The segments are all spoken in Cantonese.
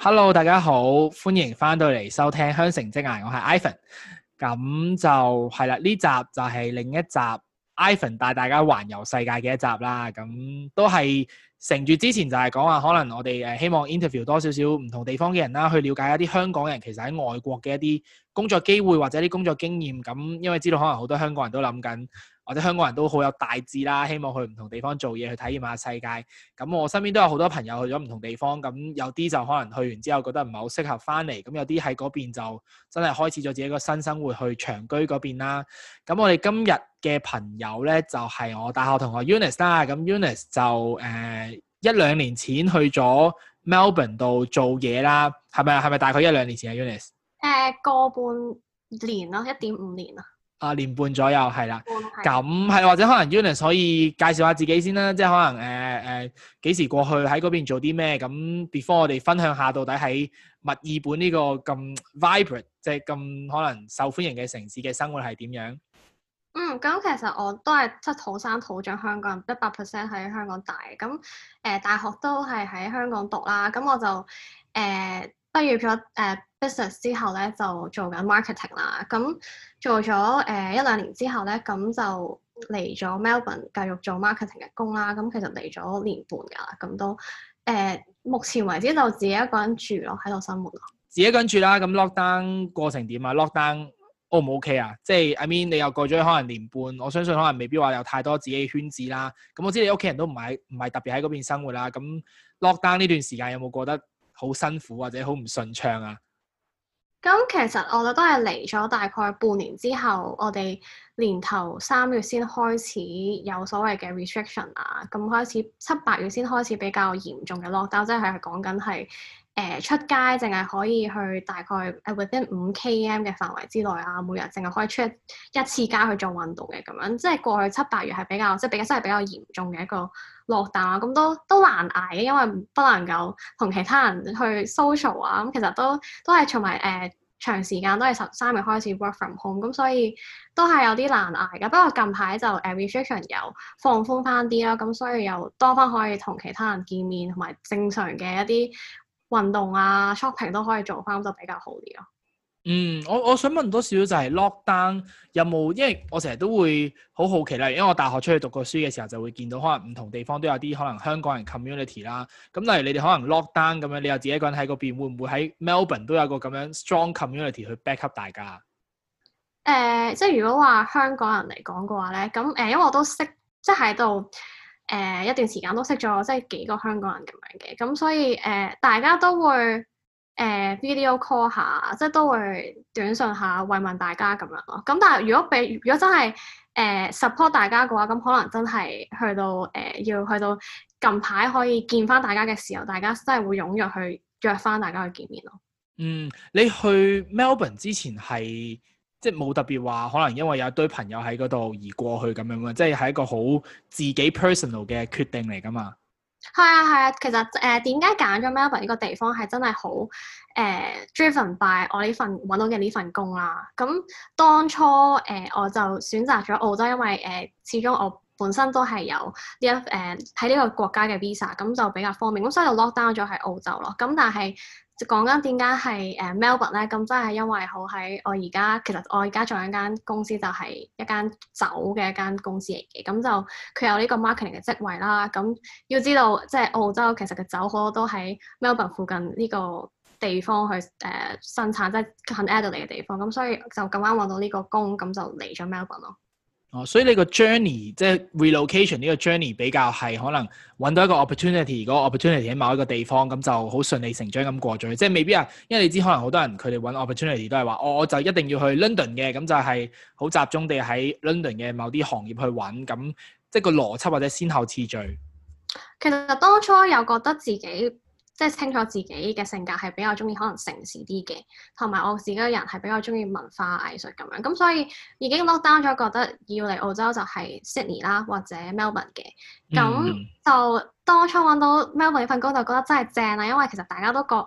Hello，大家好，歡迎翻到嚟收聽香城職涯，我係 Ivan，咁就係啦，呢集就係另一集 Ivan 帶大家環遊世界嘅一集啦，咁都係承住之前就係講話，可能我哋誒希望 interview 多少少唔同地方嘅人啦，去了解一啲香港人其實喺外國嘅一啲工作機會或者啲工作經驗，咁因為知道可能好多香港人都諗緊。或者香港人都好有大志啦，希望去唔同地方做嘢，去體驗下世界。咁我身邊都有好多朋友去咗唔同地方，咁有啲就可能去完之後覺得唔係好適合翻嚟，咁有啲喺嗰邊就真係開始咗自己個新生活，去長居嗰邊啦。咁我哋今日嘅朋友咧，就係、是、我大學同學 Eunice 啦。咁 Eunice 就誒、呃、一兩年前去咗 Melbourne 度做嘢啦，係咪係咪大概一兩年前啊？Eunice 誒個、呃、半年咯，一點五年啊。啊，年半左右係啦，咁係、嗯、或者可能 Eunice 可以介紹下自己先啦，即係可能誒誒幾時過去喺嗰邊做啲咩？咁 Before 我哋分享下到底喺墨爾本呢個咁 vibrant，即係咁可能受歡迎嘅城市嘅生活係點樣？嗯，咁其實我都係即土生土長香港人，一百 percent 喺香港大咁誒、呃、大學都係喺香港讀啦，咁我就誒。呃畢業咗誒、呃、business 之後咧，就做緊 marketing 啦。咁、嗯、做咗誒、呃、一兩年之後咧，咁、嗯、就嚟咗 Melbourne 繼續做 marketing 嘅工啦。咁、嗯、其實嚟咗年半噶啦，咁都誒目前為止就自己一個人住咯，喺度生活咯。自己一個人住啦。咁 lockdown 過程點啊？lockdown O 唔 O K 啊？即係 I mean 你又過咗可能年半，我相信可能未必話有太多自己嘅圈子啦。咁我知你屋企人都唔係唔係特別喺嗰邊生活啦。咁 lockdown 呢段時間有冇過得？好辛苦或者好唔順暢啊？咁其實我哋都係嚟咗大概半年之後，我哋年頭三月先開始有所謂嘅 restriction 啊，咁開始七八月先開始比較嚴重嘅 lockdown，但係即係講緊係。誒、呃、出街淨係可以去大概誒 within 五 km 嘅範圍之內啊，每日淨係可以出一次街去做運動嘅咁樣，即係過去七八月係比較即係比較真係比較嚴重嘅一個 lockdown，咁都都難捱嘅，因為不能夠同其他人去 social 啊。咁其實都都係從埋誒長時間都係十三日開始 work from home，咁所以都係有啲難捱嘅。不過近排就、呃、restriction 又放寬翻啲啦，咁所以又多翻可以同其他人見面同埋正常嘅一啲。運動啊，shopping 都可以做翻，咁就比較好啲咯。嗯，我我想問多少少就係 lockdown 有冇？因為我成日都會好好奇啦。因為我大學出去讀過書嘅時候，就會見到可能唔同地方都有啲可能香港人 community 啦。咁例如你哋可能 lockdown 咁樣，你又自己一個人喺嗰邊，會唔會喺 Melbourne 都有個咁樣 strong community 去 back up 大家？誒、呃，即係如果話香港人嚟講嘅話咧，咁誒、呃，因為我都識即係喺度。誒、呃、一段時間都識咗即係幾個香港人咁樣嘅，咁所以誒、呃、大家都會誒、呃、video call 下，即係都會短信下慰問大家咁樣咯。咁但係如果俾如果真係誒 support 大家嘅話，咁可能真係去到誒、呃、要去到近排可以見返大家嘅時候，大家真係會踴躍去約返大家去見面咯。嗯，你去 Melbourne 之前係？即係冇特別話，可能因為有一堆朋友喺嗰度而過去咁樣嘛，即係係一個好自己 personal 嘅決定嚟㗎嘛。係啊係啊，其實誒點解揀咗 Melbourne 呢個地方係真係好誒 driven by 我呢份揾到嘅呢份工啦。咁當初誒、呃、我就選擇咗澳洲，因為誒、呃、始終我本身都係有呢一誒喺呢個國家嘅 visa，咁就比較方便。咁所以就 lock down 咗喺澳洲咯。咁但係。就講緊點解係誒 Melbourne 咧？咁真係因為好喺我而家，其實我而家仲有一間公司，就係、是、一間酒嘅一間公司嚟嘅。咁就佢有呢個 marketing 嘅職位啦。咁要知道，即係澳洲其實嘅酒好多都喺 Melbourne 附近呢個地方去誒生產，即、就、係、是、近 Adelaide 嘅地方。咁所以就咁啱揾到呢個工，咁就嚟咗 Melbourne 咯。哦，所以你個 journey 即係 relocation 呢個 journey 比較係可能揾到一個 opportunity，嗰 opportunity 喺某一個地方咁就好順理成章咁過咗，即係未必啊。因為你知可能好多人佢哋揾 opportunity 都係話，我我就一定要去 London 嘅，咁就係好集中地喺 London 嘅某啲行業去揾，咁即係個邏輯或者先後次序。其實當初有覺得自己。即係清楚自己嘅性格係比較中意可能城市啲嘅，同埋我自己個人係比較中意文化藝術咁樣，咁所以已經 lock down 咗覺得要嚟澳洲就係 Sydney 啦或者 Melbourne 嘅，咁就當初揾到 Melbourne 呢份工就覺得真係正啦，因為其實大家都覺。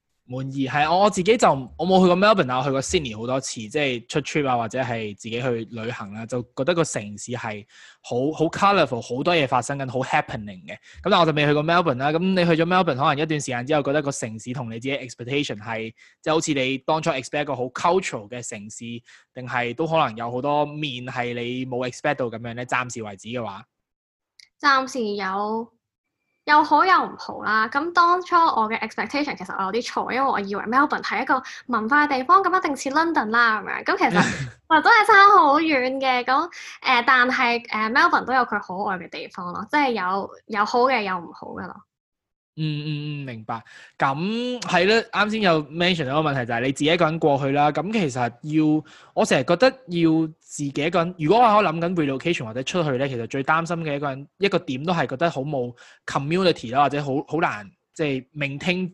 滿意係我我自己就我冇去過 Melbourne 啊，我去過 Sydney 好多次，即係出 trip 啊或者係自己去旅行啦，就覺得個城市係好好 colourful，好多嘢發生緊，好 happening 嘅。咁但我就未去過 Melbourne 啦。咁你去咗 Melbourne，可能一段時間之後，覺得個城市同你自己 expectation 係即係好似你當初 expect 一個好 cultural 嘅城市，定係都可能有好多面係你冇 expect 到咁樣咧。暫時為止嘅話，暫時有。又好又唔好啦，咁當初我嘅 expectation 其實我有啲錯，因為我以為 Melbourne 係一個文化嘅地方，咁一定似 London 啦咁樣，咁其實話都係差好遠嘅，咁誒，但係誒 Melbourne 都有佢可愛嘅地方咯，即係有有好嘅，有唔好嘅咯。嗯嗯嗯，明白。咁係啦，啱先有 mention 咗個問題就係、是、你自己一個人過去啦。咁其實要，我成日覺得要自己一個人。如果我諗緊 relocation 或者出去咧，其實最擔心嘅一個人一個點都係覺得好冇 community 啦，或者好好難即係聆聽。就是、maintain，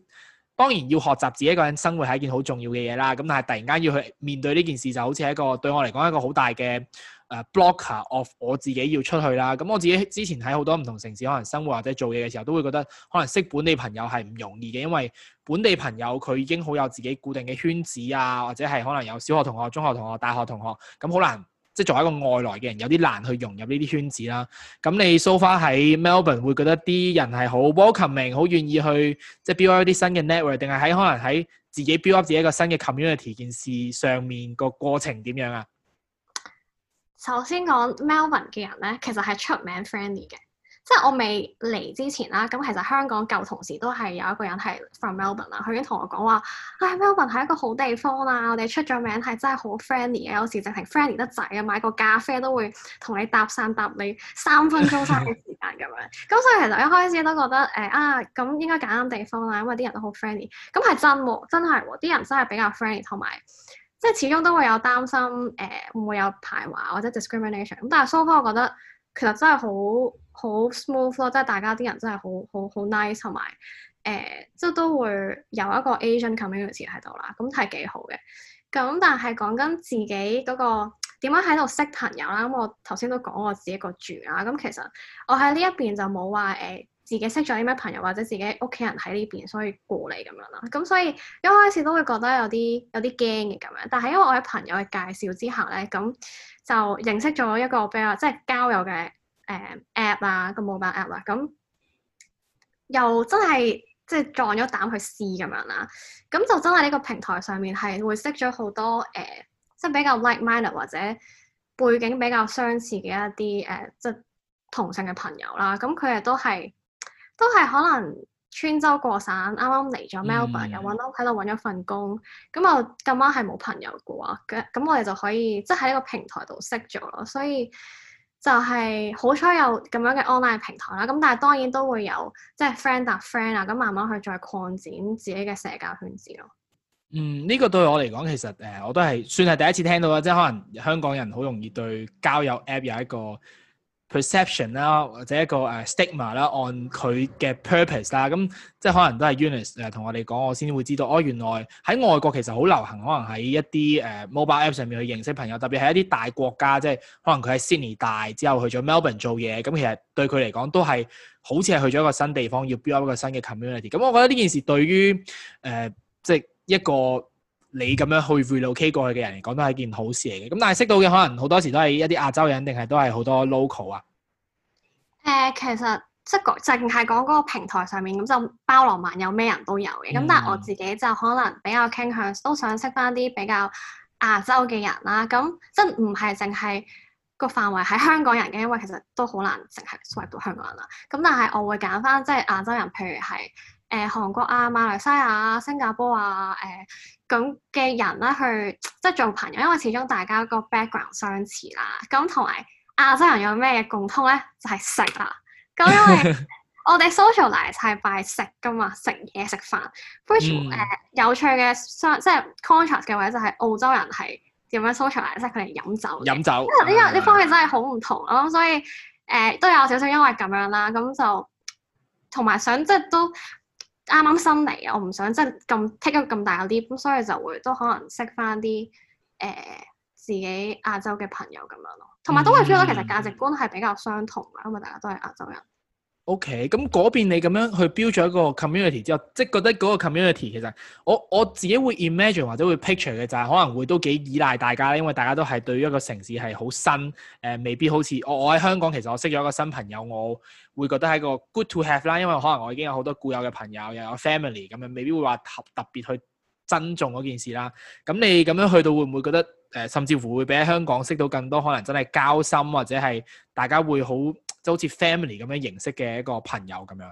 當然要學習自己一個人生活係一件好重要嘅嘢啦。咁但係突然間要去面對呢件事，就好似係一個對我嚟講一個好大嘅。誒、uh, blocker 我我自己要出去啦，咁我自己之前喺好多唔同城市可能生活或者做嘢嘅時候，都會覺得可能識本地朋友係唔容易嘅，因為本地朋友佢已經好有自己固定嘅圈子啊，或者係可能有小學同學、中學同學、大學同學，咁好難，即、就、係、是、作為一個外來嘅人，有啲難去融入呢啲圈子啦。咁你 so far 喺 Melbourne 會覺得啲人係好 welcoming，好願意去即係、就是、build up 啲新嘅 network，定係喺可能喺自己 build up 自己一個新嘅 community 件事上面個過程點樣啊？首先講 Melbourne 嘅人咧，其實係出名 friendly 嘅。即係我未嚟之前啦，咁其實香港舊同事都係有一個人係 from Melbourne 啊。佢已經同我講話：唉、哎、Melbourne 係一個好地方啊！我哋出咗名係真係好 friendly 嘅。有時直情 friendly 得滯啊，買個咖啡都會同你搭訕搭你三分鐘三秒時間咁樣。咁 所以其實一開始都覺得誒、哎、啊，咁應該揀啱地方啦、啊，因為啲人都好 friendly。咁係真喎、啊，真係喎、啊，啲人真係比較 friendly 同埋。即係始終都會有擔心，唔、呃、會有排華或者 discrimination。咁但係 so far，我覺得其實真係好好 smooth 咯，即係大家啲人真係好好好 nice，同埋誒即係都會有一個 Asian community 喺度啦，咁係幾好嘅。咁但係講緊自己嗰、那個點樣喺度識朋友啦，咁我頭先都講我自己一個住啦。咁其實我喺呢一邊就冇話誒。呃自己識咗啲咩朋友，或者自己屋企人喺呢邊，所以過嚟咁樣啦。咁所以一開始都會覺得有啲有啲驚嘅咁樣，但係因為我喺朋友嘅介紹之下咧，咁就認識咗一個比較即係交友嘅誒、嗯、app 啦、啊，個 mobile app 啦、啊，咁、嗯、又真係即係壯咗膽去試咁樣啦。咁就真係呢個平台上面係會識咗好多誒，即、呃、係、就是、比較 like mind 或者背景比較相似嘅一啲誒、呃，即係同性嘅朋友啦。咁佢哋都係。都係可能穿州過省，啱啱嚟咗 Melbourne、嗯、又揾屋喺度揾咗份工，咁我咁啱係冇朋友嘅話，咁我哋就可以即係喺呢個平台度識咗咯，所以就係好彩有咁樣嘅 online 平台啦。咁但係當然都會有即係 friend 搭 friend 啊，咁慢慢去再擴展自己嘅社交圈子咯。嗯，呢個對我嚟講，其實誒，我都係算係第一次聽到啦，即係可能香港人好容易對交友 app 有一個。Perception 啦，per ception，或者一個誒 stigma 啦，按佢嘅 purpose 啦，咁即係可能都係 unis 誒、呃、同我哋講，我先會知道哦，原來喺外國其實好流行，可能喺一啲誒、uh, mobile app 上面去認識朋友，特別係一啲大國家，即係可能佢喺 Sydney 大之後去咗 Melbourne 做嘢，咁其實對佢嚟講都係好似係去咗一個新地方，要 build 一個新嘅 community。咁我覺得呢件事對於誒、呃、即係一個。你咁樣去 relocate 過去嘅人嚟講，都係一件好事嚟嘅。咁但係識到嘅可能好多時都係一啲亞洲人，定係都係好多 local 啊？誒、呃，其實即係講淨係講嗰個平台上面咁，就包羅萬有，咩人都有嘅。咁、嗯、但係我自己就可能比較傾向，都想識翻啲比較亞洲嘅人啦。咁即係唔係淨係個範圍喺香港人嘅，因為其實都好難淨係 swipe 到香港人啦。咁但係我會揀翻即係亞洲人，譬如係。誒、呃、韓國啊、馬來西亞啊、新加坡啊、誒咁嘅人咧、啊，去即係做朋友，因為始終大家個 background 相似啦。咁同埋亞洲人有咩共通咧？就係食啦。咁因為我哋 socialize 係拜食噶嘛，食嘢食飯。Which 誒有趣嘅相，即係 contrast 嘅，或者就係澳洲人係點樣 socialize，即係佢哋飲酒。飲酒。因為呢方面真係好唔同咯、啊，所以誒、呃、都有少少因為咁樣啦。咁就同埋想即係都。啱啱新嚟啊，我唔想即係咁 take 咁大個 leap，咁所以就會都可能識返啲誒自己亞洲嘅朋友咁樣咯，同埋都係 feel 到，其實價值觀係比較相同嘅，因為大家都係亞洲人。O.K. 咁嗰邊你咁樣去標咗一個 community 之後，即、就、係、是、覺得嗰個 community 其實我我自己會 imagine 或者會 picture 嘅就係可能會都幾依賴大家因為大家都係對於一個城市係好新誒、呃，未必好似我我喺香港其實我識咗一個新朋友，我會覺得係一個 good to have 啦，因為可能我已經有好多固有嘅朋友又有 family 咁、嗯、樣，未必會話特特別去珍重嗰件事啦。咁你咁樣去到會唔會覺得誒、呃，甚至乎會比喺香港識到更多可能真係交心或者係大家會好？就好似 family 咁樣形式嘅一個朋友咁樣，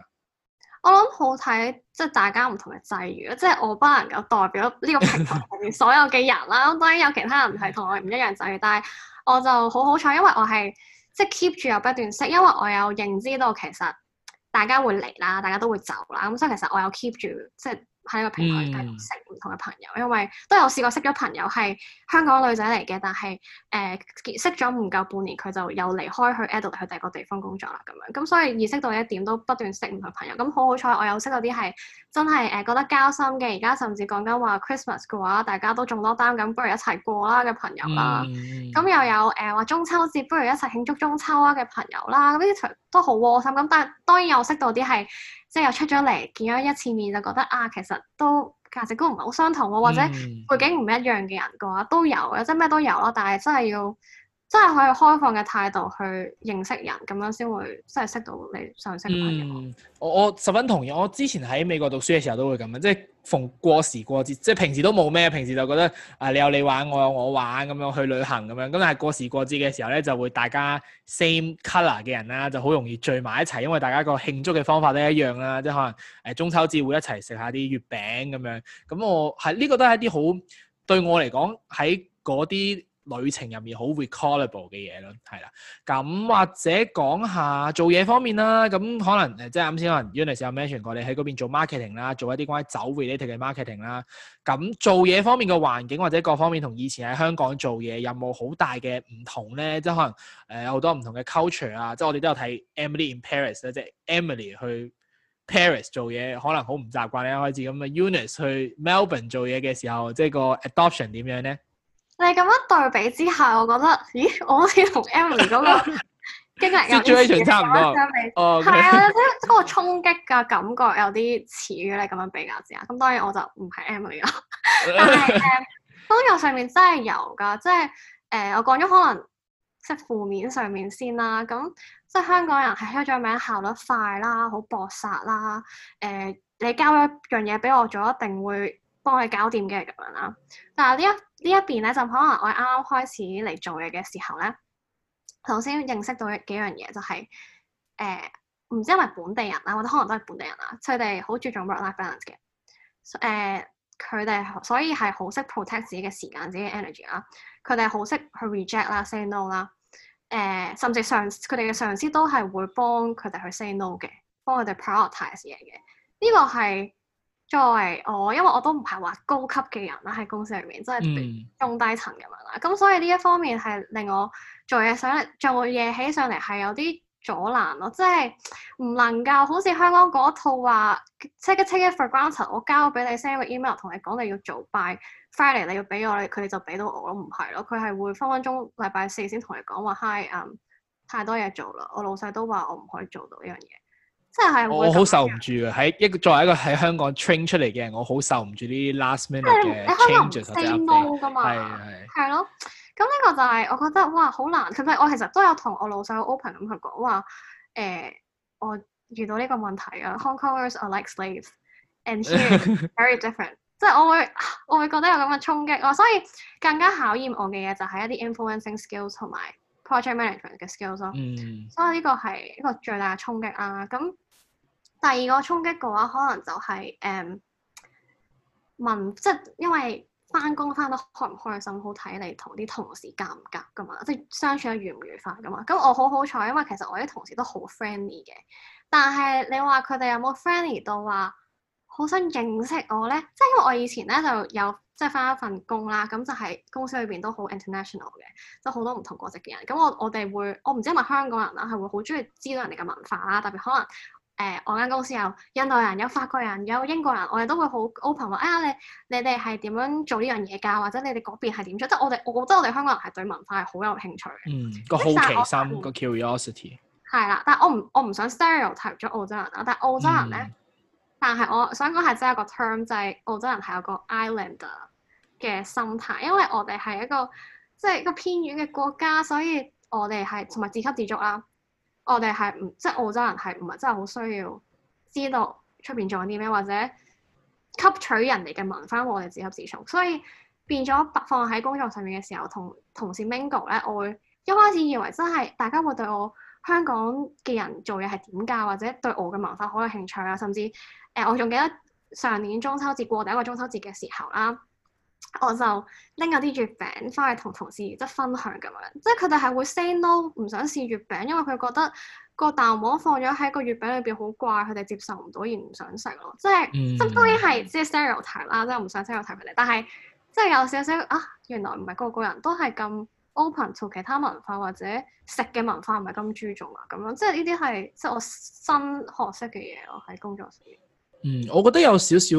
我諗好睇，即係大家唔同嘅際遇。即係我不能夠代表呢個平台裏面所有嘅人啦。當然有其他人唔係同我唔一樣際遇，但係我就好好彩，因為我係即係 keep 住又不斷識，因為我有認知到其實大家會嚟啦，大家都會走啦。咁所以其實我有 keep 住即係。就是喺個平台繼續識唔同嘅朋友，因為都有試過識咗朋友係香港女仔嚟嘅，但係誒、呃、識咗唔夠半年，佢就又離開去 a 去第二個地方工作啦咁樣，咁所以意識到一點，都不斷識唔同朋友。咁好好彩，我有識到啲係真係誒、呃、覺得交心嘅。而家甚至講緊話 Christmas 嘅話，大家都仲多擔咁，不如一齊過啦嘅朋友啦。咁、嗯、又有誒話、呃、中秋節，不如一齊慶祝中秋啊嘅朋友啦 r a 都好窩心咁，但係當然又識到啲係即係又出咗嚟見咗一次面就覺得啊，其實都價值觀唔係好相同喎，或者背景唔一樣嘅人嘅話都有嘅，即係咩都有咯。但係真係要真係可以開放嘅態度去認識人，咁樣先會真係識到你想識嘅朋友。嗯，我我十分同意。我之前喺美國讀書嘅時候都會咁樣，即係。逢過時過節，即係平時都冇咩，平時就覺得啊，你有你玩，我有我玩咁樣去旅行咁樣。咁但係過時過節嘅時候咧，就會大家 same color 嘅人啦，就好容易聚埋一齊，因為大家個慶祝嘅方法都一樣啦，即係可能誒中秋節會一齊食下啲月餅咁樣。咁我係呢個都係一啲好對我嚟講喺嗰啲旅程入面好 recallable 嘅嘢咯，係啦。咁、嗯、或者講下做嘢方面啦，咁、嗯、可能誒即係啱先可能 Eunice 有 mention 過你喺嗰邊做 marketing 啦，做一啲關於酒 related 嘅 marketing 啦、嗯。咁做嘢方面嘅環境或者各方面同以前喺香港做嘢有冇好大嘅唔同咧？即、就、係、是、可能誒、呃、有好多唔同嘅 culture 啊，即、就、係、是、我哋都有睇 Emily in Paris 咧，即係 Emily 去 Paris 做嘢可能好唔習慣咧一開始咁啊。 Eunice 去 Melbourne 做嘢嘅時候，即、就、係、是、個 adoption 點樣咧？你咁樣對比之下，我覺得，咦，我好似同 Emily 嗰個經歷有啲似， 對差唔多。哦、oh, okay.，係啊，即係嗰個衝擊嘅感覺有啲似嘅。你咁樣比較之下，咁當然我就唔係 Emily 啦。 但係，都、嗯、有上面真係有噶，即、就、係、是，誒、呃，我講咗可能即係負面上面先啦。咁即係香港人係出咗名效率快啦，好搏殺啦。誒、呃，你交咗一樣嘢俾我，做一定會。幫佢搞掂嘅咁樣啦。但係呢一呢一邊咧，就可能我啱啱開始嚟做嘢嘅時候咧，頭先認識到幾樣嘢，就係誒，唔知因為本地人啦，或者可能都係本地人啦，佢哋好注重 work-life balance 嘅。誒，佢哋所以係好識 protect 自己嘅時間、自己嘅 energy 啦。佢哋好識去 reject 啦、say no 啦。誒、呃，甚至上佢哋嘅上司都係會幫佢哋去 say no 嘅，幫佢哋 prioritize 嘢嘅。呢個係。作為我，因為我都唔係話高級嘅人啦，喺公司裏面，即係中低層咁樣啦。咁、嗯、所以呢一方面係令我做嘢上，嚟，做嘢起上嚟係有啲阻攔咯。即係唔能夠好似香港嗰一套話，take it for granted。我交俾你 send 個 email，同你講你要做 by Friday，你要俾我，佢哋就俾到我咯，唔係咯。佢係會分分鐘禮拜四先同你講話 hi，、um, 太多嘢做啦。我老細都話我唔可以做到呢樣嘢。即係我好受唔住喎！喺一個作為一個喺香港 train 出嚟嘅人，我好受唔住啲 last minute 嘅 changes。即係你，你可能都係生怒噶嘛？係係係咯。咁呢個就係、是、我覺得哇，好難。佢咪我其實都有同我老細 open 咁去講話。誒、欸，我遇到呢個問題啊。Hong Kongers are like slaves and very different。 即係我會，我會覺得有咁嘅衝擊咯。所以更加考驗我嘅嘢就係一啲 influencing skills 同埋。project management 嘅 skills 咯、嗯，所以呢個係一個最大嘅衝擊啦、啊。咁第二個衝擊嘅話，可能就係、是、誒、嗯、問，即係因為翻工翻得開唔開心，好睇你同啲同事夾唔夾噶嘛，即係相處得愉唔愉快噶嘛。咁我好好彩，因為其實我啲同事都好 friendly 嘅。但係你話佢哋有冇 friendly 到話好想認識我咧？即係因為我以前咧就有。即係返一份工啦，咁就係公司裏邊都好 international 嘅，都好多唔同國籍嘅人。咁我我哋會，我唔知係咪香港人啦，係會好中意知道人哋嘅文化啦。特別可能誒、呃，我間公司有印度人、有法國人、有英國人，我哋都會好 open 話，啊、哎、你你哋係點樣做呢樣嘢㗎？或者你哋嗰邊係點做？即係我哋，我覺得我哋香港人係對文化係好有興趣嘅。嗯，個好奇心個 curiosity 係啦、嗯，但係我唔我唔想 stereotype 咗澳洲人啦，但係澳洲人咧。嗯但係我想講係真係一個 term，就係、是、澳洲人係有個 islander 嘅心態，因為我哋係一個即係、就是、一個偏遠嘅國家，所以我哋係同埋自給自足啦。我哋係唔即係澳洲人係唔係真係好需要知道出邊做緊啲咩，或者吸取人哋嘅文化，我哋自給自足，所以變咗放喺工作上面嘅時候，同同事 mingle 咧，我會一開始以為真係大家會對我，香港嘅人做嘢係點㗎，或者對我嘅文化好有興趣啊！甚至誒、呃，我仲記得上年中秋節過第一個中秋節嘅時候啦，我就拎咗啲月餅翻去同同事即分享咁樣，即係佢哋係會 say no 唔想試月餅，因為佢覺得個蛋黃放咗喺個月餅裏邊好怪，佢哋接受唔到而唔想食咯。即係、嗯，即係當然係即係 stereotype 啊啦，即係唔想 stereotype 佢哋，但係即係有少少啊，原來唔係個個人都係咁。Open 同其他文化或者食嘅文化唔係咁注重啊，咁樣，即係呢啲係即係我新學識嘅嘢咯，喺工作上。嗯，我覺得有少少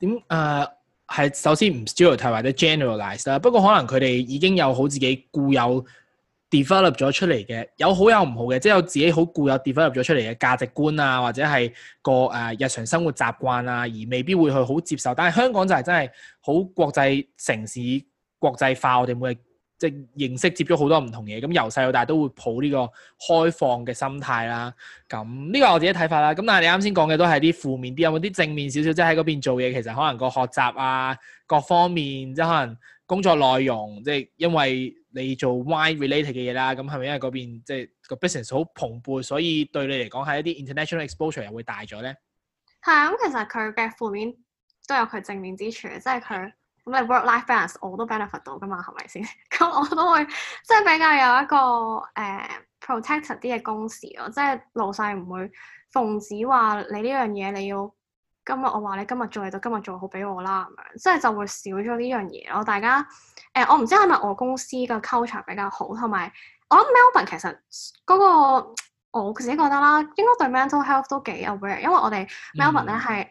點誒，係首先唔 stereotype 或者 generalized 啦。不過可能佢哋已經有好自己固有 develop 咗出嚟嘅，有好有唔好嘅，即係有自己好固有 develop 咗出嚟嘅價值觀啊，或者係個誒日常生活習慣啊，而未必會去好接受。但係香港就係真係好國際城市、國際化，我哋會。即係認識接觸好多唔同嘢，咁由細到大都會抱呢個開放嘅心態啦。咁呢個我自己睇法啦。咁但係你啱先講嘅都係啲負面啲，有冇啲正面少少？即係喺嗰邊做嘢，其實可能個學習啊，各方面即係可能工作內容，即係因為你做 wine related 嘅嘢啦。咁係咪因為嗰邊即係個 business 好蓬勃，所以對你嚟講係一啲 international exposure 又會大咗咧？係啊，咁其實佢嘅負面都有佢正面之處，即係佢。唔係 work-life balance，我都 benefit 到噶嘛，係咪先？咁 我都會即係比較有一個誒 protected 啲嘅工時咯，即係老細唔會奉旨話你呢樣嘢你要今日，我話你今日做嘢到今日做好俾我啦咁樣，即係就會少咗呢樣嘢咯。大家誒、呃，我唔知係咪我公司嘅 culture 比較好，同埋我諗 Melbourne 其實嗰、那個我自己覺得啦，應該對 mental health 都幾 aware，因為我哋 Melbourne 咧係。嗯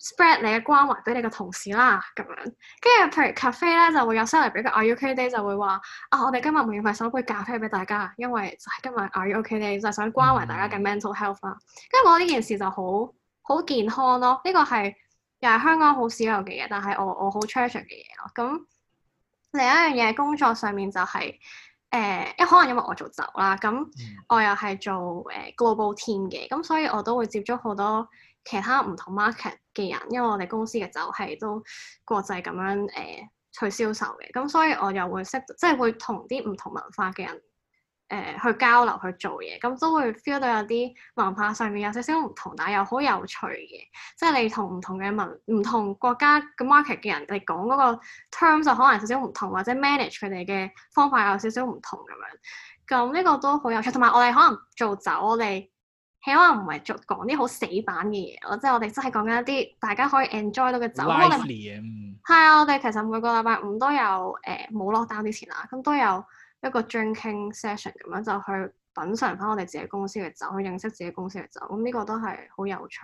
spread 你嘅關懷俾你個同事啦，咁樣，跟住譬如咖啡咧就會有 send 嚟俾個 Are You OK Day 就會話啊，我哋今日唔免費手杯咖啡俾大家，因為就係今日 Are You OK Day 就係想關懷大家嘅 mental health 啦。跟住、嗯、我覺得呢件事就好好健康咯，呢、這個係又係香港好少有嘅嘢，但係我我好 cherish 嘅嘢咯。咁另一樣嘢工作上面就係、是、誒，一、呃、可能因為我做酒啦，咁、嗯、我又係做誒、呃、global team 嘅，咁所以我都會接觸好多。其他唔同 market 嘅人，因為我哋公司嘅酒係都國際咁樣誒、呃、去銷售嘅，咁所以我又會識即係會同啲唔同文化嘅人誒、呃、去交流去做嘢，咁都會 feel 到有啲文化上面有少少唔同，但係又好有趣嘅。即係你同唔同嘅文唔同國家嘅 market 嘅人嚟講嗰個 term 就可能有少少唔同，或者 manage 佢哋嘅方法有少少唔同咁樣。咁呢個都好有趣，同埋我哋可能做酒我哋。可能唔係做講啲好死板嘅嘢，即我即係我哋真係講緊一啲大家可以 enjoy 到嘅酒。係啊，我哋其實每個禮拜五都有誒、冇落單之前啊，咁都有一個 drinking session 咁樣就去品嘗翻我哋自己公司嘅酒，去認識自己公司嘅酒。咁呢個，嗯這個都係好有趣。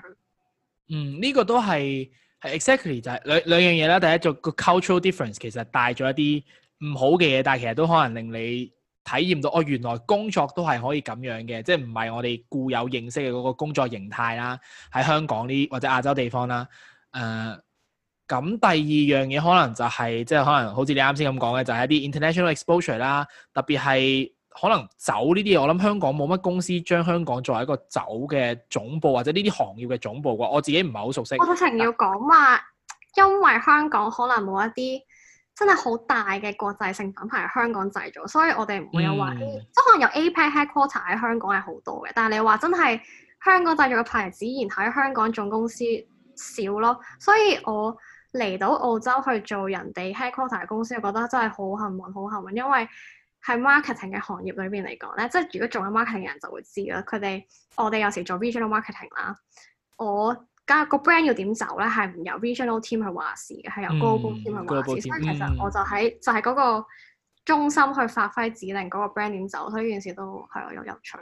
嗯，呢個都係係 exactly 就係兩兩樣嘢啦。第一就個 cultural difference 其實帶咗一啲唔好嘅嘢，但係其實都可能令你。體驗到哦，原來工作都係可以咁樣嘅，即係唔係我哋固有認識嘅嗰個工作形態啦。喺香港呢或者亞洲地方啦，誒、呃、咁第二樣嘢可能就係、是、即係可能好似你啱先咁講嘅，就係、是、一啲 international exposure 啦。特別係可能酒呢啲嘢，我諗香港冇乜公司將香港作為一個酒嘅總部或者呢啲行業嘅總部啩。我自己唔係好熟悉。我仲要講話，但 因為香港可能冇一啲。真係好大嘅國際性品牌係香港製造，所以我哋唔會有話，嗯、即係可能有 APAC headquarter 喺香港係好多嘅，但係你話真係香港製造嘅牌子，而喺香港總公司少咯。所以我嚟到澳洲去做人哋 headquarter 公司，我覺得真係好幸運，好幸運，因為喺 marketing 嘅行業裏邊嚟講咧，即係如果做緊 marketing 嘅人就會知啦，佢哋我哋有時做 regional marketing 啦，我。咁啊，個 brand 要點走咧？係唔由 regional team 去話事嘅，係由高工 team、嗯、去話事。嗯、其實我就喺就係、是、嗰個中心去發揮指令嗰個 brand 點走，所以呢件事都係我有有趣。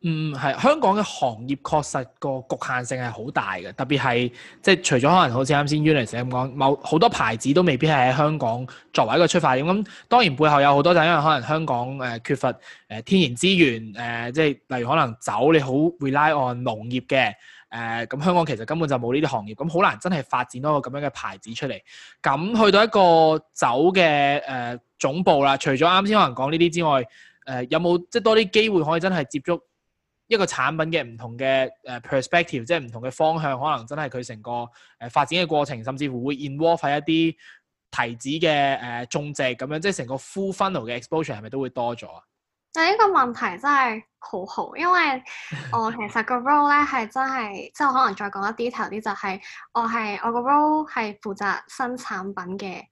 嗯，係香港嘅行業確實個局限性係好大嘅，特別係即係除咗可能好似啱先 Eunice 咁講，某好多牌子都未必係喺香港作為一個出發點。咁當然背後有好多，就係因為可能香港誒、呃、缺乏誒天然資源，誒、呃、即係例如可能酒你好 rely on 農業嘅。誒咁、呃、香港其實根本就冇呢啲行業，咁好難真係發展多個咁樣嘅牌子出嚟。咁去到一個酒嘅誒總部啦，除咗啱先可能講呢啲之外，誒、呃、有冇即係多啲機會可以真係接觸一個產品嘅唔同嘅誒 perspective，即係唔同嘅方向，可能真係佢成個誒發展嘅過程，甚至乎會 involve 喺一啲提子嘅誒、呃、種植咁樣，即係成個 full funnel 嘅 exposure 係咪都會多咗啊？誒呢個問題真係好好，因為我其實個 role 咧係真係， 即係可能再講一啲 detail 啲，就係、是、我係我個 role 係負責新產品嘅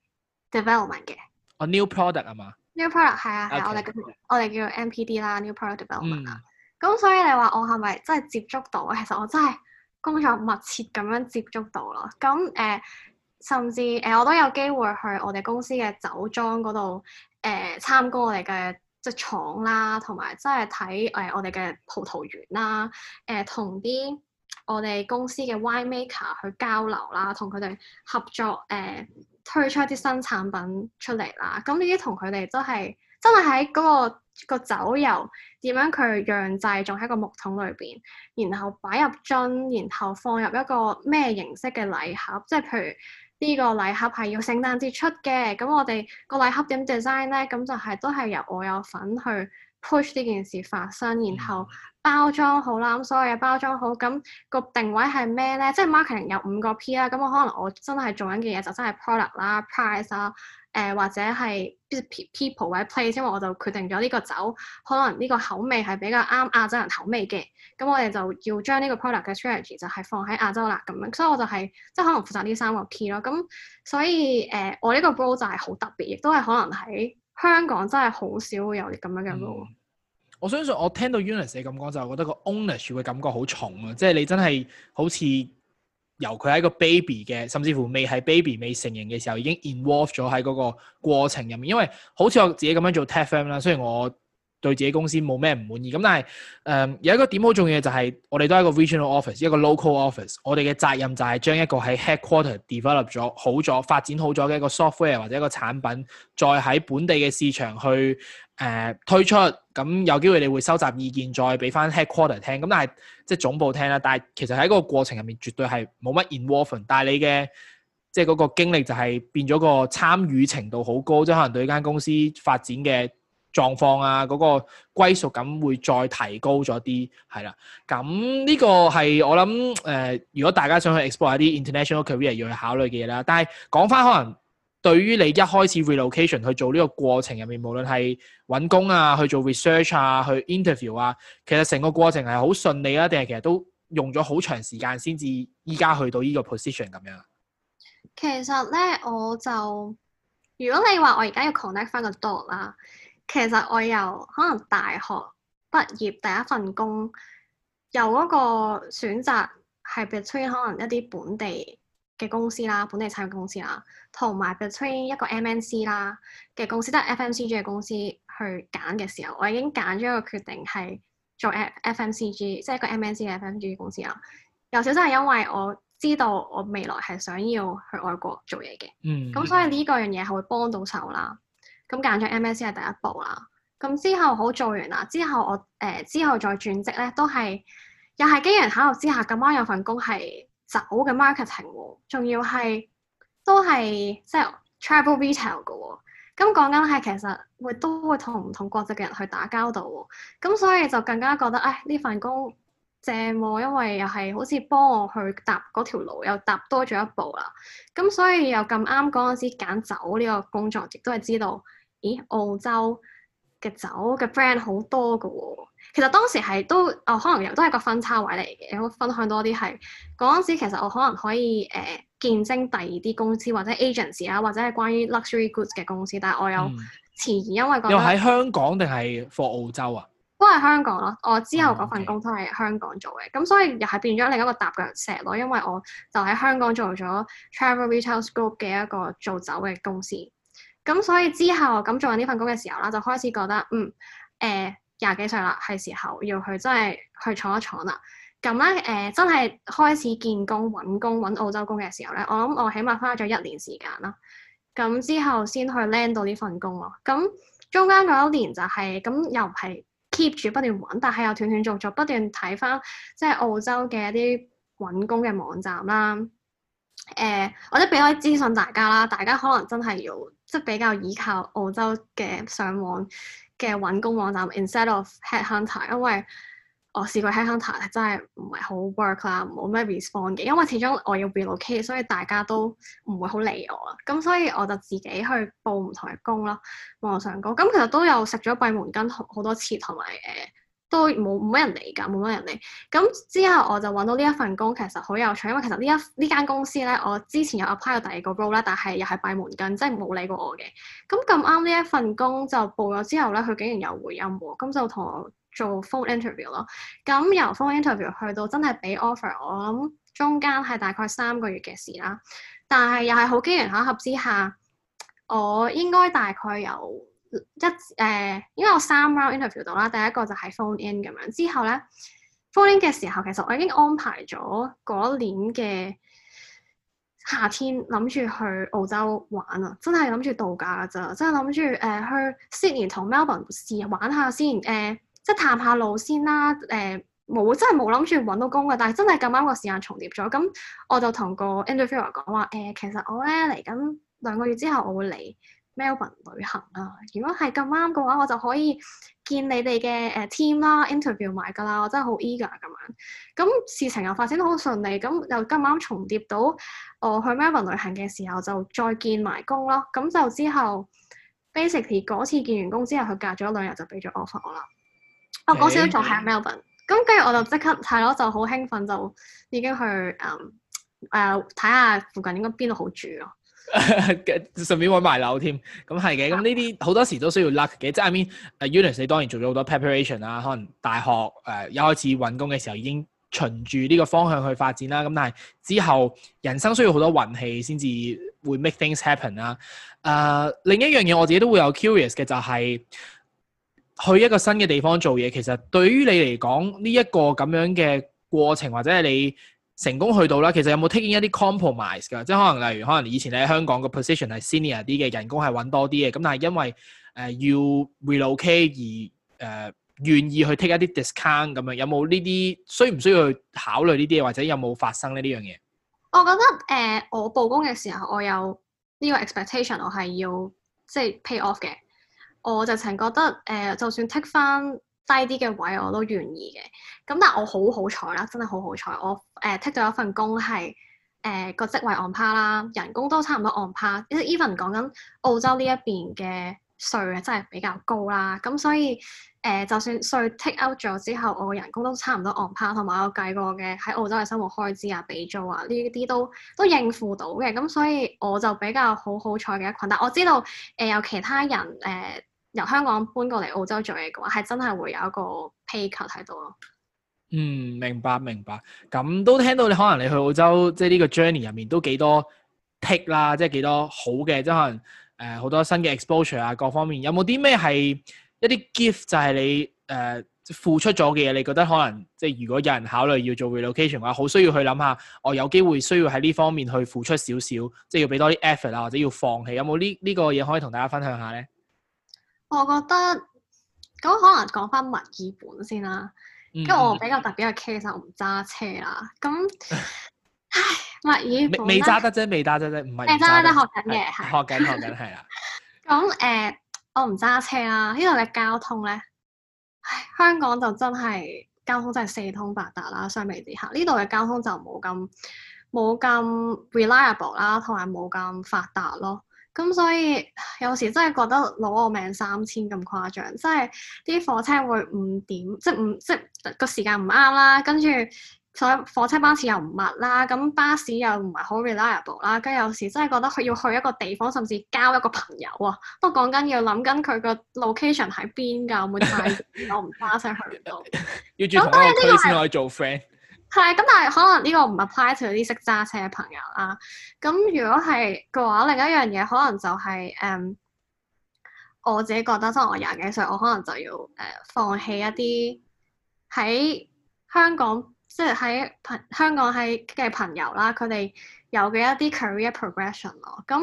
development 嘅。我 new product 啊嘛。new product 係啊，係我哋我哋叫做 MPD 啦，new product development 啊。咁、嗯、所以你話我係咪真係接觸到？其實我真係工作密切咁樣接觸到咯。咁誒、呃，甚至誒、呃，我都有機會去我哋公司嘅酒莊嗰度誒參觀我哋嘅。即係廠啦，同埋真係睇誒我哋嘅葡萄園啦，誒同啲我哋公司嘅 winemaker 去交流啦，同佢哋合作誒、呃、推出一啲新產品出嚟啦。咁呢啲同佢哋都係真係喺嗰個酒油點樣佢釀製，仲喺個木桶裏邊，然後擺入樽，然後放入一個咩形式嘅禮盒，即係譬如。呢個禮盒係要聖誕節出嘅，咁我哋個禮盒點 design 咧？咁就係都係由我有份去 push 呢件事發生，然後包裝好啦，咁所有嘢包裝好，咁個定位係咩咧？即係 marketing 有五個 P 啦，咁我可能我真係做緊嘅嘢就真係 product 啦、price 啦。誒、呃、或者係 people 或者 place，因為我就決定咗呢個酒，可能呢個口味係比較啱亞洲人口味嘅，咁我哋就要將呢個 product 嘅 strategy 就係放喺亞洲啦，咁樣，所以我就係即係可能負責呢三個 key 咯，咁所以誒、呃，我呢個 role 就係好特別，亦都係可能喺香港真係好少有咁樣嘅路、嗯。我相信我聽到 Eunice 咁講就覺得個 ownership 嘅感覺好重啊，即係你真係好似～由佢係一個 baby 嘅，甚至乎未係 baby、未成人嘅時候，已經 involve 咗喺嗰個過程入面。因為好似我自己咁樣做 Tech Firm 啦，雖然我對自己公司冇咩唔滿意，咁但係誒、呃、有一個點好重要嘅就係、是、我哋都係一個 Regional Office，一個 Local Office。我哋嘅責任就係將一個喺 Headquarter develop 咗好咗、發展好咗嘅一個 software 或者一個產品，再喺本地嘅市場去。誒、呃、推出，咁有機會你會收集意見再俾翻 headquarter 聽。咁但係即係總部聽啦。但係其實喺嗰個過程入面絕對係冇乜 involvement，但係你嘅即係嗰個經歷就係變咗個參與程度好高，即係可能對呢間公司發展嘅狀況啊，嗰、嗰個歸屬感會再提高咗啲，係啦。咁呢、呢個係我諗誒、呃，如果大家想去 explore 一啲 international career 要去考慮嘅嘢啦。但係講翻可能。對於你一開始 relocation 去做呢個過程入面，無論係揾工啊、去做 research 啊、去 interview 啊，其實成個過程係好順利啊，定係其實都用咗好長時間先至依家去到呢個 position 咁樣？其實咧，我就如果你話我而家要 connect 翻個 doc 啦，其實我由可能大學畢業第一份工，有嗰個選擇係 between 可能一啲本地。嘅公司啦，本地嘅產業公司啦，同埋 between 一個 MNC 啦嘅公司，都、就、係、是、FMCG 嘅公司去揀嘅時候，我已經揀咗一個決定係做 FMCG，即係一個 MNC 嘅 FMCG 公司啦。有少少係因為我知道我未來係想要去外國做嘢嘅，咁、嗯、所以呢個樣嘢係會幫到手啦。咁揀咗 MNC 係第一步啦。咁之後好做完啦，之後我誒、呃、之後再轉職咧，都係又係機緣巧合之下咁啱有份工係。酒嘅 marketing 喎，仲要係都係即係 travel retail 嘅喎，咁講緊係其實會都會同唔同國籍嘅人去打交道喎，咁所以就更加覺得誒呢份工正喎，因為又係好似幫我去搭嗰條路又搭多咗一步啦，咁所以又咁啱嗰陣時揀酒呢個工作，亦都係知道，咦澳洲。嘅酒嘅 brand 好多㗎喎、哦，其實當時係都，我、哦、可能又都係個分叉位嚟嘅，分享多啲係嗰陣時，其實我可能可以誒、呃、見證第二啲公司或者 agents 啊，或者係關於 luxury goods 嘅公司，但係我有遲疑，因為覺得又喺、嗯、香港定係 for 澳洲啊？都係香港咯，我之後嗰份工都係香港做嘅，咁、嗯 okay. 所以又係變咗另一個踏腳石咯，因為我就喺香港做咗 travel retail scope 嘅一個做酒嘅公司。咁所以之後咁做緊呢份工嘅時候啦，就開始覺得嗯、誒，廿幾歲啦，係時候要去真係去闖一闖啦。咁咧誒，真係開始見工揾工揾澳洲工嘅時候咧，我諗我起碼花咗一年時間啦。咁之後先去 land 到呢份工喎。咁中間嗰一年就係、是、咁又唔係 keep 住不斷揾，但係又斷斷續續不斷睇翻即係澳洲嘅一啲揾工嘅網站啦。誒、呃、或者俾多啲資訊大家啦，大家可能真係要。即係比較依靠澳洲嘅上網嘅揾工網站，instead of headhunter，因為我試過 headhunter 係真係唔係好 work 啦，冇咩 response 嘅，因為始終我要 be located，所以大家都唔會好理我啊。咁所以我就自己去報唔同嘅工啦，網上工。咁其實都有食咗閉門羹好多次，同埋誒。呃都冇冇乜人嚟㗎，冇乜人嚟。咁之後我就揾到呢一份工，其實好有趣，因為其實呢一呢間公司咧，我之前有 apply 過第二個 group 咧，但係又係閉門羹，即係冇理過我嘅。咁咁啱呢一份工就報咗之後咧，佢竟然有回音喎。咁就同我做 phone interview 咯。咁由 phone interview 去到真係俾 offer，我諗中間係大概三個月嘅事啦。但係又係好機緣巧合之下，我應該大概有。一誒，因為我三 round interview 到啦，第一個就係 phone in 咁樣。之後咧，phone in 嘅時候，其實我已經安排咗嗰年嘅夏天，諗住去澳洲玩啊，真係諗住度假㗎啫，真係諗住誒去 Sydney 同 Melbourne 試玩下先，誒、呃、即係探下路先啦、啊，誒、呃、冇真係冇諗住搵到工㗎，但係真係咁啱個時間重疊咗，咁我就同個 interviewer 講話誒、呃，其實我咧嚟緊兩個月之後我會嚟 Melbourne 旅行啊！如果係咁啱嘅話，我就可以見你哋嘅誒 team 啦，interview 埋㗎啦，我真係好 eager 咁樣。咁事情又發展得好順利，咁又咁啱重疊到我去 Melbourne 旅行嘅時候，就再見埋工咯。咁就之後 basically 嗰次見完工之後，佢隔咗兩日就俾咗 offer 我啦。我嗰 Hey.、哦、時都仲喺 Melbourne，咁跟住我就即刻係咯，太太太就好興奮，就已經去誒誒睇下附近應該邊度好住咯。嘅， 順便揾埋樓添，咁係嘅。咁呢啲好多時都需要 luck 嘅，即、就、係、是、I mean，阿 Eunice 你當然做咗好多 preparation 啦，可能大學誒、呃、一開始揾工嘅時候已經循住呢個方向去發展啦。咁但係之後人生需要好多運氣先至會 make things happen 啦。誒，另一樣嘢我自己都會有 curious 嘅就係、是、去一個新嘅地方做嘢，其實對於你嚟講呢一個咁樣嘅過程或者係你。成功去到啦，其實有冇 take 一啲 compromise 㗎？即係可能例如可能以前你喺香港個 position 係 senior 啲嘅，人工係揾多啲嘅，咁但係因為誒、呃、要 relocate 而誒、呃、願意去 take 一啲 discount 咁樣，有冇呢啲，需唔需要去考慮呢啲，或者有冇發生咧呢樣嘢？我覺得誒、呃，我報工嘅時候，我有呢個 expectation，我係要即係、就是、pay off 嘅。我就曾覺得誒、呃，就算 take 翻。低啲嘅位我都願意嘅，咁但係我好好彩啦，真係好好彩，我誒 take 咗一份工係誒個職位 on par 啦，人工都差唔多 on par，even 講緊澳洲呢一邊嘅稅真係比較高啦，咁所以誒、呃、就算稅 take out 咗之後，我嘅人工都差唔多 on par，同埋我計過嘅喺澳洲嘅生活開支啊、俾租啊呢啲都都應付到嘅，咁所以我就比較好好彩嘅一群。但我知道誒、呃、有其他人誒、呃由香港搬過嚟澳洲做嘢嘅話，係真係會有一個 pay cut 喺度咯。嗯，明白明白。咁都聽到你可能你去澳洲，即係呢個 journey 入面都幾多 take 啦，即係幾多好嘅，即係可能誒好多新嘅 exposure 啊，各方面有冇啲咩係一啲 gift 就係你誒、呃、付出咗嘅嘢？你覺得可能即係如果有人考慮要做 relocation 嘅話，好需要去諗下，我、哦、有機會需要喺呢方面去付出少少，即係要俾多啲 effort 啊，或者要放棄。有冇呢呢個嘢可以同大家分享下咧？我覺得咁可能講翻墨爾本先啦，因為我比較特別嘅 case，我唔揸車啦。咁唉，墨爾本未揸得啫，未揸得啫，唔係揸得學緊嘅，學緊是學緊係啦。咁是，誒、 呃，我唔揸車啦。呢度嘅交通咧，香港就真係交通真係四通八達啦。相比之下，呢度嘅交通就冇咁冇咁 reliable 啦，同埋冇咁發達咯。咁所以有時真係覺得攞我命三千咁誇張，即係啲火車會誤點，即係誤即係個時間唔啱啦，跟住坐火車巴士又唔密啦，咁巴士又唔係好 reliable 啦，跟住有時真係覺得佢要去一個地方，甚至交一個朋友啊。不過講緊要諗緊佢個 location 喺邊㗎？我沒睇， 我唔花心去到， 要住同佢先可以做 friend。 係，咁但係可能呢個唔 apply to 啲識揸車嘅朋友啦。咁如果係嘅話，另一樣嘢可能就係、是、誒、嗯，我自己覺得，因為我廿幾歲，我可能就要誒、呃、放棄一啲喺香港，即係喺朋香港係嘅朋友啦。佢哋有嘅一啲 career progression 咯。咁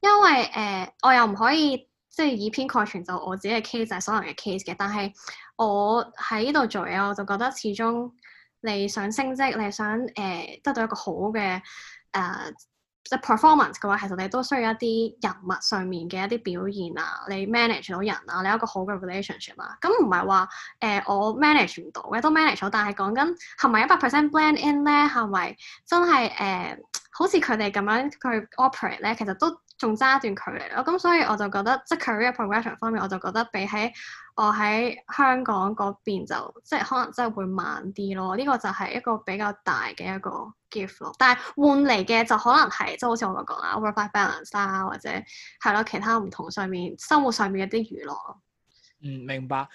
因為誒、呃，我又唔可以即係以偏概全，就我自己嘅 case，就係所有嘅 case 嘅。但係我喺呢度做嘢，我就覺得始終。你想升職，你係想誒、uh, 得到一個好嘅誒即係 performance 嘅話，其實你都需要一啲人物上面嘅一啲表現啊，你 manage 到人啊，你有一個好嘅 relationship 啊，咁唔係話誒我 manage 唔到嘅都 manage 咗。但係講緊係咪一百 percent blend in 咧？係咪真係誒、uh, 好似佢哋咁樣去 operate 咧？其實都。仲揸一段距離咯，咁所以我就覺得，即係 career progression 方面，我就覺得比起我喺香港嗰邊就即係可能真係會慢啲咯。呢、這個就係一個比較大嘅一個 gift 咯。但係換嚟嘅就可能係即係好似我講啦，over life balance 啊，或者係咯其他唔同上面生活上面一啲娛樂。嗯，明白。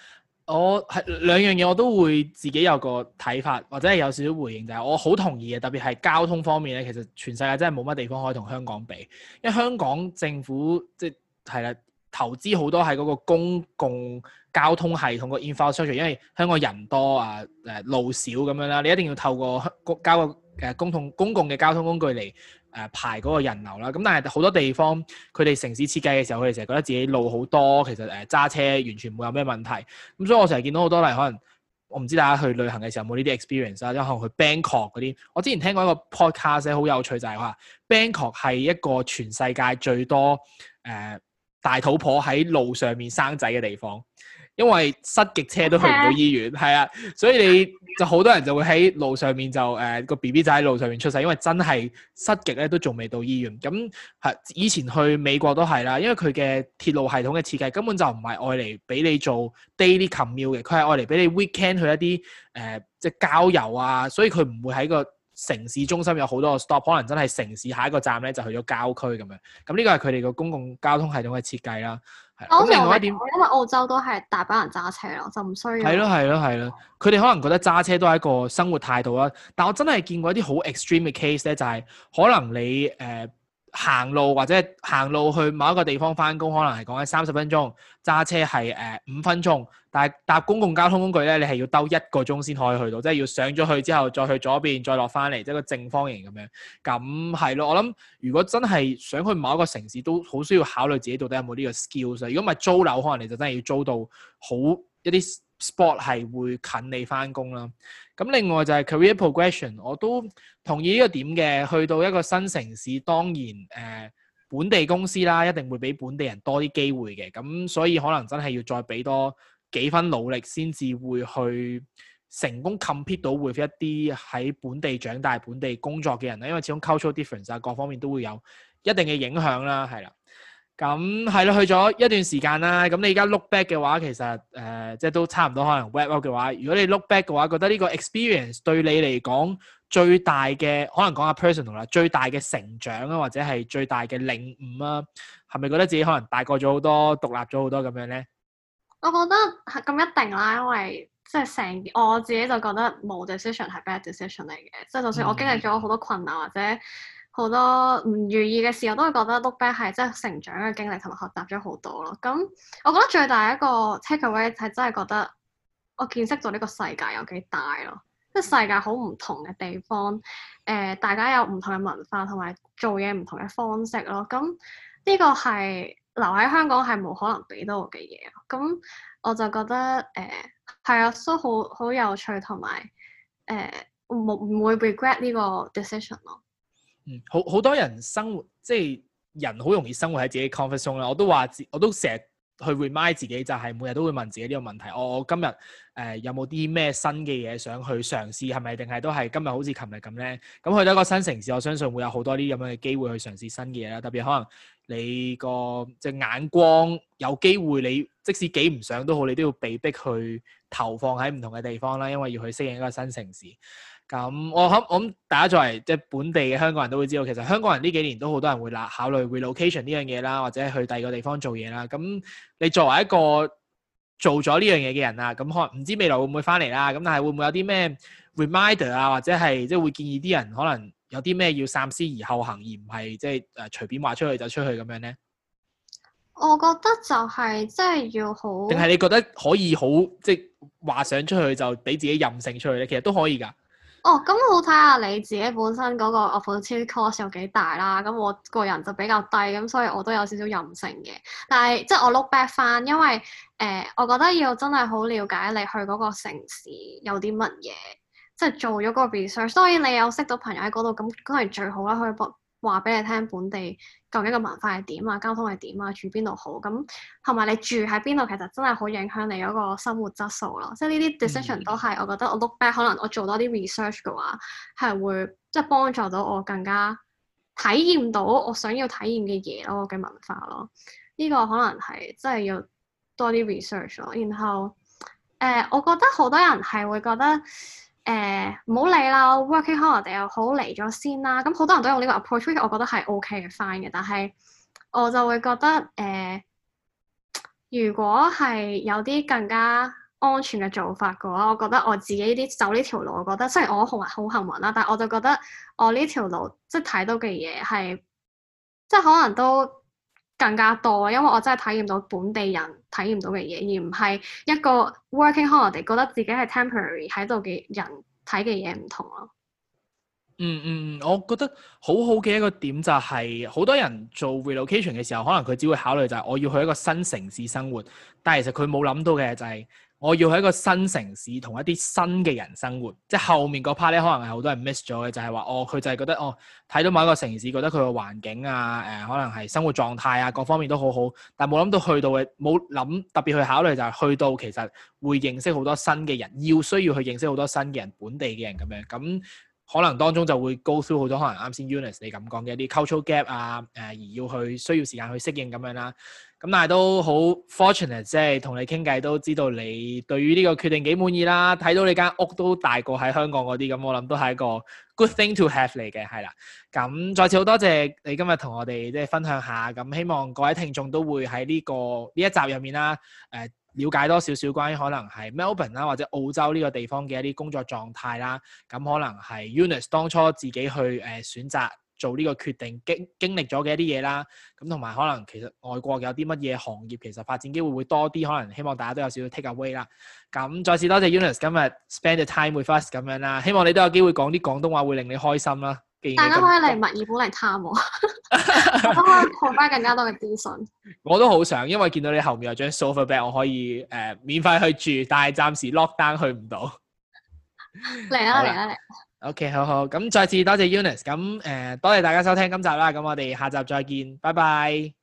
我係兩樣嘢，我都會自己有個睇法，或者係有少少回應、就係，就係我好同意嘅。特別係交通方面咧，其實全世界真係冇乜地方可以同香港比，因為香港政府即係啦，投資好多係嗰個公共交通系統個 infrastructure，因為香港人多啊，誒路少咁樣啦，你一定要透過公交嘅誒公共公共嘅交通工具嚟誒排嗰個人流啦，咁但係好多地方，佢哋城市設計嘅時候，佢哋成日覺得自己路好多，其實誒揸、呃、車完全冇有咩問題。咁所以我成日見到好多例如，可能我唔知大家去旅行嘅時候有冇呢啲 experience 啦，即可能去 Bangkok 嗰啲。我之前聽過一個 podcast 好有趣，就係、是、話 Bangkok 係一個全世界最多誒、呃、大肚婆喺路上面生仔嘅地方。因為塞極車都去唔 Okay.、呃、到醫院，係啊，所以你就好多人就會喺路上面就誒個 B B 仔喺路上面出世，因為真係塞極咧都仲未到醫院。咁係以前去美國都係啦，因為佢嘅鐵路系統嘅設計根本就唔係愛嚟俾你做 daily commute 嘅，佢係愛嚟俾你 weekend 去一啲誒、呃、即係郊遊啊。所以佢唔會喺個城市中心有好多個 stop，可能真係城市下一個站咧就去咗郊區咁樣。咁呢個係佢哋個公共交通系統嘅設計啦。我認為點？因為澳洲都係大把人揸車咯，就唔需要。係咯係咯係咯，佢哋可能覺得揸車都係一個生活態度啦。但我真係見過啲好 extreme 嘅 case 咧，就係可能你、呃行路或者行路去某一個地方翻工，可能係講緊三十分鐘；揸車係誒五分鐘，但係搭公共交通工具咧，你係要兜一個鐘先可以去到，即係要上咗去之後再去左邊再落翻嚟，即係個正方形咁樣。咁係咯，我諗如果真係想去某一個城市，都好需要考慮自己到底有冇呢個 skills。如果唔係租樓，可能你就真係要租到好一啲。Sport 係會近你翻工啦，咁另外就係 career progression，我都同意呢個點嘅。去到一個新城市，當然誒、呃、本地公司啦，一定會比本地人多啲機會嘅。咁所以可能真係要再俾多幾分努力，先至會去成功 Compete 到會一啲喺本地長大、本地工作嘅人咧。因為始終 cultural difference 啊，各方面都會有一定嘅影響啦，係啦。咁係咯，去咗一段時間啦。咁你而家 look back 嘅話，其實誒、呃，即係都差唔多，可能 work out 嘅話。如果你 look back 嘅話，覺得呢個 experience 對你嚟講最大嘅，可能講下 personal 啦，最大嘅成長啊，或者係最大嘅領悟啊，係咪覺得自己可能大個咗好多，獨立咗好多咁樣咧？我覺得咁一定啦，因為即係成我自己就覺得冇 decision 係 bad decision 嚟嘅，即係就算我經歷咗好多困難、嗯、或者。好多唔如意嘅事，我都會覺得 look back 係真係成長嘅經歷，同埋學習咗好多咯。咁我覺得最大一個 takeaway 係真係覺得我見識到呢個世界有幾大咯，即係世界好唔同嘅地方，誒、呃、大家有唔同嘅文化同埋做嘢唔同嘅方式咯。咁呢、這個係留喺香港係冇可能俾到我嘅嘢啊。咁我就覺得誒係啊，都好好有趣同埋誒冇唔會 regret 呢個 decision 咯。嗯，好好多人生活即係、就是、人好容易生活喺自己嘅 comfort zone 啦。我都話，我都成日去 remind 自己、就是，就係每日都會問自己呢個問題。我、哦、我今日誒、呃、有冇啲咩新嘅嘢想去嘗試？係咪定係都係今日好似琴日咁咧？咁去到一個新城市，我相信會有好多啲咁樣嘅機會去嘗試新嘢啦。特別可能你個隻、就是、眼光有機會，你即使幾唔想都好，你都要被逼去投放喺唔同嘅地方啦，因為要去適應一個新城市。咁我諗我諗大家作為即係本地嘅香港人都會知道，其實香港人呢幾年都好多人會諗考慮 relocation 呢樣嘢啦，或者去第二個地方做嘢啦。咁你作為一個做咗呢樣嘢嘅人啊，咁可能唔知未來會唔會翻嚟啦。咁但係會唔會有啲咩 reminder 啊，或者係即係會建議啲人可能有啲咩要三思而後行，而唔係即係誒隨便話出去就出去咁樣咧？我覺得就係即係要好定係你覺得可以好即係話想出去就俾自己任性出去咧，其實都可以㗎。哦，咁好睇下你自己本身嗰、那個 opportunity cost 有幾大啦，咁我個人就比較低，咁所以我都有少少任性嘅。但係即係我 look back 翻，因為誒、呃，我覺得要真係好了解你去嗰個城市有啲乜嘢，即係做咗個 research。所以你有識到朋友喺嗰度，咁梗係最好啦。可以幫話俾你聽本地。究竟個文化係點啊？交通係點啊？住邊度好咁？同埋你住喺邊度，其實真係好影響你嗰個生活質素咯。即係呢啲 decision 都係我覺得我 look back，可能我做多啲 research 嘅話，係會即係幫助到我更加體驗到我想要體驗嘅嘢咯，嘅文化咯。呢個可能係真係要多啲 research 咯。然後誒、呃，我覺得好多人係會覺得。誒唔、呃、好理啦，working holiday 又好嚟咗先啦。咁、嗯、好多人都用呢個 approach 我覺得係 OK 嘅 fine 嘅。但係我就會覺得誒、呃，如果係有啲更加安全嘅做法嘅話，我覺得我自己啲走呢條路，我覺得雖然我好幸好幸運啦，但係我就覺得我呢條路即係睇到嘅嘢係，即係可能都。更加多，因為我真係體驗到本地人體驗到嘅嘢，而唔係一個 working holiday，覺得自己係 temporary 喺度嘅人睇嘅嘢唔同咯。嗯嗯，我覺得好好嘅一個點就係、是，好多人做 relocation 嘅時候，可能佢只會考慮就係我要去一個新城市生活，但係其實佢冇諗到嘅就係、是。我要喺一個新城市同一啲新嘅人生活，即係後面嗰 part 咧，可能係好多人 miss 咗嘅，就係話哦，佢就係覺得哦，睇到某一個城市，覺得佢個環境啊，誒，可能係生活狀態啊，各方面都好好，但冇諗到去到嘅，冇諗特別去考慮，就係去到其實會認識好多新嘅人，要需要去認識好多新嘅人，本地嘅人咁樣，咁可能當中就會 go through 好多，可能啱先 Eunice 你咁講嘅一啲 cultural gap 啊，誒，而要去需要時間去適應咁樣啦。咁但係都好 fortunate，即係同你傾偈都知道你對於呢個決定幾滿意啦，睇到你間屋都大過喺香港嗰啲，咁我諗都係一個 good thing to have 嚟嘅，係啦。咁再次好多謝你今日同我哋即係分享下，咁希望各位聽眾都會喺呢個呢一集入面啦，誒、呃、了解多少少關於可能係 Melbourne 啦或者澳洲呢個地方嘅一啲工作狀態啦，咁可能係 Eunice 當初自己去誒、呃、選擇。做呢個決定經經歷咗嘅一啲嘢啦，咁同埋可能其實外國有啲乜嘢行業其實發展機會會多啲，可能希望大家都有少少 take away 啦。咁再次多謝 Eunice 今日 spend the time with us 咁樣啦，希望你都有機會講啲廣東話會令你開心啦、啊。然大家可以嚟墨爾本嚟探我，可以攞翻更加多嘅資訊。我都好想，因為見到你後面有張 sofa 我可以誒、呃、免費去住，但係暫時 lock down 去唔到。嚟啊嚟啊嚟！啦 OK，好好，咁再次多謝 Eunice，咁誒多謝大家收聽今集啦，咁我哋下集再見，拜拜。